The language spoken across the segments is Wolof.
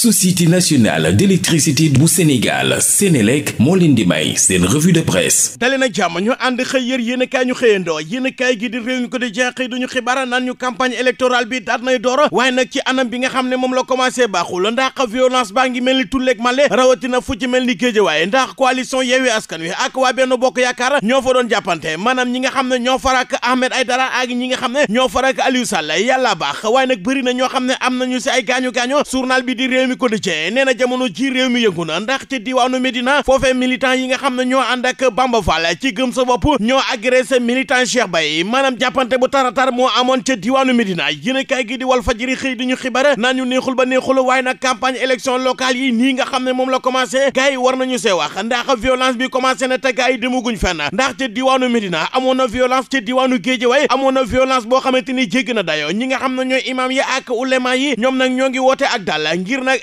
société nationale d'électricité bu Sénégal Sénélec moo leen di may seen revue de presse dali na jàmm ñu ànd xëy yër yéen a kaay ñu xëyandoo yéen a kaay gi di réew mi ko di jenxëy duñu xibaar naan ñu campagne électorale bi daat nay door waaye nag ci anam bi nga xam ne moom la commencé baaxul ndax violence baa ngi mel ni tulleeg male rawatina fu ci mel ni Géejawaay ndax coalition Yewwi Askan Wi ak waa Benno Bokk Yaakaar ñoo fa doon jàppante maanaam nga xam ne ñoo farak Ahmed Aïdara ak ñi nga xam ne ñoo farak Aliou Sall yàlla baax waaye na ñoo xam ne am nañu si ay mi quotidien nee na jamono ji réew mi yëngu ndax ci diwaanu Médina foofee militant yi nga xam ne ñoo ànd ak Bamba Fall ci gëm sa bopp ñoo agressé militant Cheikh Baye maanaam jàppante bu taratar moo amoon ca diwaanu Médina yéen kaay gi di wal fajiri xëy di ñu xibaar naan ñu neexul ba neexul waaye nag campagne élection locale yi nii nga xam ne moom la commencé gars yi war nañu see wax ndax violence bi commencé na te gars yi demaguñ fenn na violence ca diwaanu Guédiawaye amoon na violence boo xamante ni jégg na dayo ñi nga xam ne ñooy imam ñoo ngi woote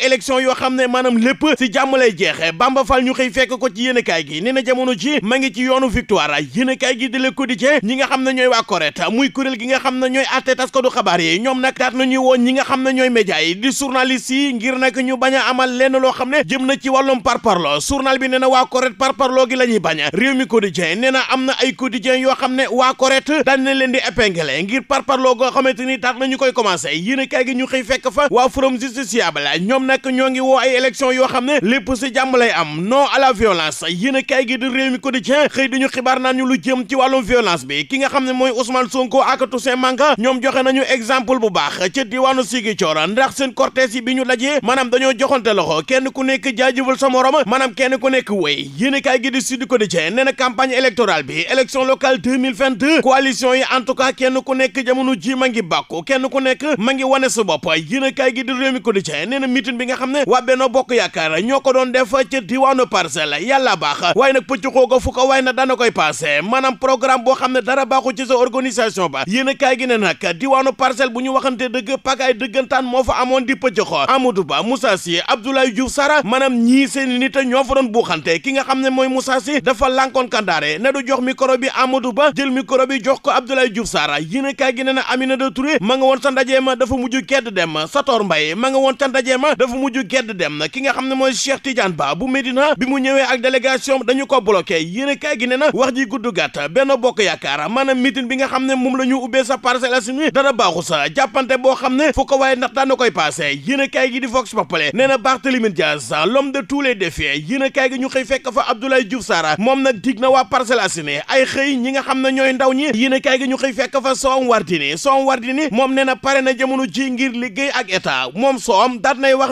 nag yoo xam ne maanaam lépp si jàmm lay jeexe Bamba Fall ñu xëy fekk ko ci yéen gi nee na jamono ji ma ngi ci yoonu victoire yéen kaay gi di Le Quotidien ñi nga xam ne ñooy waa Corrète muy kuréel gi nga xam ne ñooy àtte taskatu xabar yi ñoom nag daat nañu woon ñi nga xam ne ñooy média yi di journaliste yi ngir nag ñu baña amal lenn loo xam ne jëm na ci wàllum par journal bi nee na waa Corrète parparlo gi la ñuy bañ réew mi Quotidien nee na am na ay quotidien yoo xam ne waa Corrète daan na leen di épinglé ngir parparlo goo xamante ni daat nañu koy commencé yéen kaay gi ñu xëy fekk fa waa Forum Justiciable ñoom nag ñoo ngi woo ay élection yoo xam ne lépp si jàmm lay am non à la violence yéen a kaay gi di réew mi quotidien xëy dañu xibaar naan ñu lu jëm ci wàllum violence bi ki nga xam ne mooy Ousmane Sonko ak Toussaint Manga ñoom joxe nañu exemple bu baax ca diwaanu Ziguinchor ndax seen cortège yi bi ñu dajee maanaam dañoo joxante loxo kenn ku nekk jaajëfal sa morom maanaam kenn ku nekk wéy yéen a kaay gi di Sud Quotidien nee na campagne électorale bi élection locale 2022 en tout cas kenn ku nekk jamono ji ma ngi bàkku kenn ku nekk ma ngi wane sa bopp yéen a kaay campagne bi nga xam ne waa Benno Bokk Yaakaar ñoo ko doon def ca diwaanu parcelle yàlla baax waaye nag pëcc xoo ko fu ko waaye nag dana koy passé maanaam programme xam ne dara baaxu ci sa organisation ba yéen a kaay gi ne nag diwaanu parcelle bu ñu waxante dëgg pagaay dëggantaan moo fa amoon di pëcc xoo Amadou Ba Moussa Sy Abdoulaye Diouf Sarr ñii seen nit ñoo fa doon buuxante ki nga xam ne mooy musa Sy dafa lànkoon kandaare ne du jox micro bi Amadou Ba jël micro bi jox ko Abdoulaye Diouf Sarr yéen a kaay ne na Aminata Touré ma nga woon sa ndaje ma dafa mujj kedd dem Sator Mbaye ma nga woon sa ndaje ma dafa mujj gedd dem na ki nga xam ne mooy Cheikh Tidiane Ba bu Medina bi mu ñëwee ak délégation dañu ko bloqué yéen a kaay gi ne wax ji gudd gàtt benn bokk yaakaar maanaam meeting bi nga xam ne moom la ñu ubbee sa Parcelles Assainies dara baaxu boo xam ne fu ko waaye ndax daan koy passé yéen a kaay gi di Vox Populi nee na Barthélémy Dias de tous les défis yéen a kaay gi ñu xëy fekk fa Abdoulaye Diouf Sarr moom nag dig na waa Parcelles Assainies ay xëy ñi nga xam ne ñooy ndaw ñi yéen a kaay gi ñu xëy fekk fa Soham na pare na jamono ji ngir liggéey ak état moom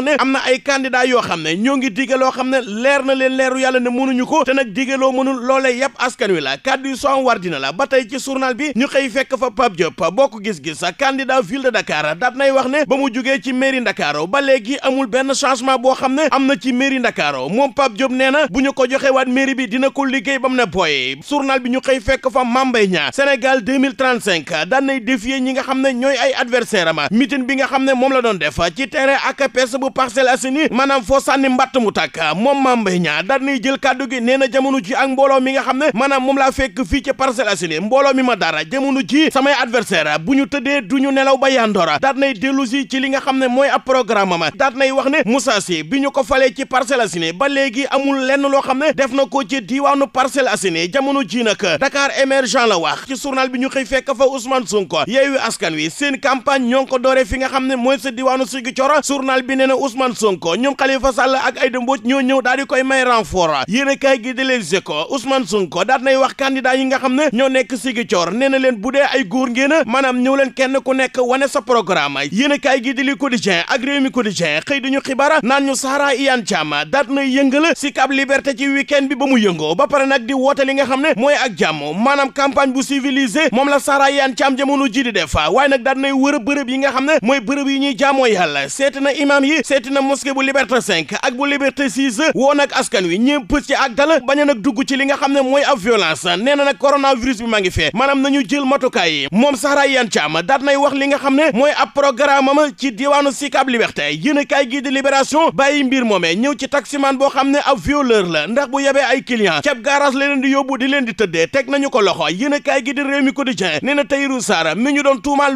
ne am na ay candidat yoo xam ne ñoo ngi digge loo xam ne leer na leen leeru yàlla ne mënuñu ko te nag loo mënul loolee yàpp askan wi la kàddu yu soam war dina la ba tey ci journal bi ñu xëy fekk fa Pape Diop bokk gis-gis candidat ville de Dakar daat nay wax ne ba mu jugee ci mairie Ndakaaru ba léegi amul benn changement boo xam ne am na ci mairie Ndakaaru moom Pape Diop nee na bu ñu ko joxe waat mairie bi dina ko liggéey ba mu ne booy journal bi ñu xëy fekk fa Mambay Niang Sénégal 2035 daan nay défier ñi nga xam ne ñooy ay adversaire ama meeting nga xam ne moom la doon def ci terrain ACAPES Parcelles Assainies maanaam foo sànni mbatt mu tàkk moom Mame Mbaye Niang daal nay jël kàddu gi nee na jamono ji ak mbooloo mi nga xam ne maanaam moom laa fekk fii ci Parcelles Assainies mbooloo mi ma dara jamono ji samay adversaire bu ñu tëddee du ñu nelaw ba yandoora daal nay dellu si ci li nga xam ne mooy ab programme ma daal wax ne Moussa Sy bi ñu ko falee ci a Assainies ba léegi amul lenn loo xam ne def na ko ci diiwaanu Parcelles Assainies jamono ji nag Dakar émergent la wax ci journal bi ñu xëy fekk fa Ousmane Sonko seen campagne ñoo fi nga xam ne mooy sa diiwaanu Ziguinchor na Ousmane Sonko ñoom Khalifa Sall ak Aïda Mbodj ñoo ñëw daal di koy may renfort yéen a kaay gi di leen jeko Ousmane Sonko daat nay wax candidat yi nga xam ne ñoo nekk Ziguinchor nee na leen bu dee ay góor ngeen a maanaam ñëw leen kenn ku nekk wane sa programme yéen a kaay gi di li Quotidien ak Rewmi Quotidien xëy diñu xibaar naan ñu Sahara Iyane Thiam daat nay yëngala si Cap liberte ci week-end bi ba mu yëngoo ba pare nag di woote li nga xam ne mooy ak jàmm maanaam campagne bu civilisé moom la Sahara Iyane Thiam jamono ji di def waaye nag daat nay wër bërëb yi nga xam ne mooy bërëb yi ñuy jaamoo yàlla seet na imam yi seeti na mosquée bu liberté 5 ak bu liberté 6 woon askan wi ñëpp ci ak dal bañ a nag dugg ci li nga xam ne mooy a violence nee na nag coronavirus bi maa ngi fee maanaam nañu jël matukaay yi moom Zahra Iyane Thiam daat nay wax li nga xam ne mooy a programme am ci diwaanu Sicap Liberté yéen a kaay gi di libération bàyyi mbir moomee ñëw ci taximan boo xam ne ab violeur la ndax bu yebee ay client cab garage la leen di yóbbu di leen di tëdde teg nañu ko loxo yéen a kaay gi di réew mi quotidien nee na Tahirou Sarr mi ñu doon tuumaal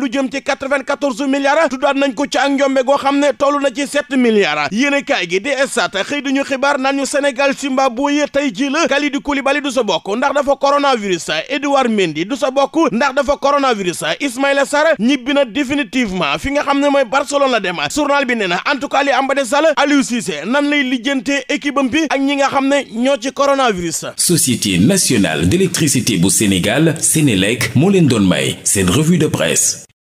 ko ci ak njombe goo xam ne toll na sept milliards yéene kaay gi di estat xëy duñu xibaar naan ñu Sénégal Zimbabwe tey ji la Kalidou Koulibaly du sa bokk ndax dafa coronavirus Edouard Mendy du sa bokk ndax dafa coronavirus Ismaïla Sarr ñibbi na définitivement fi nga xam ne mooy Barcelone la dem journal bi nee na en tout cas li ambade sall Aliou Cissé nan lay lijjantee équipe bi ak ñi nga xam ne ñoo ci coronavirus Société nationale d'électricité bu Sénégal Sénélec moo leen doon may seen revue de presse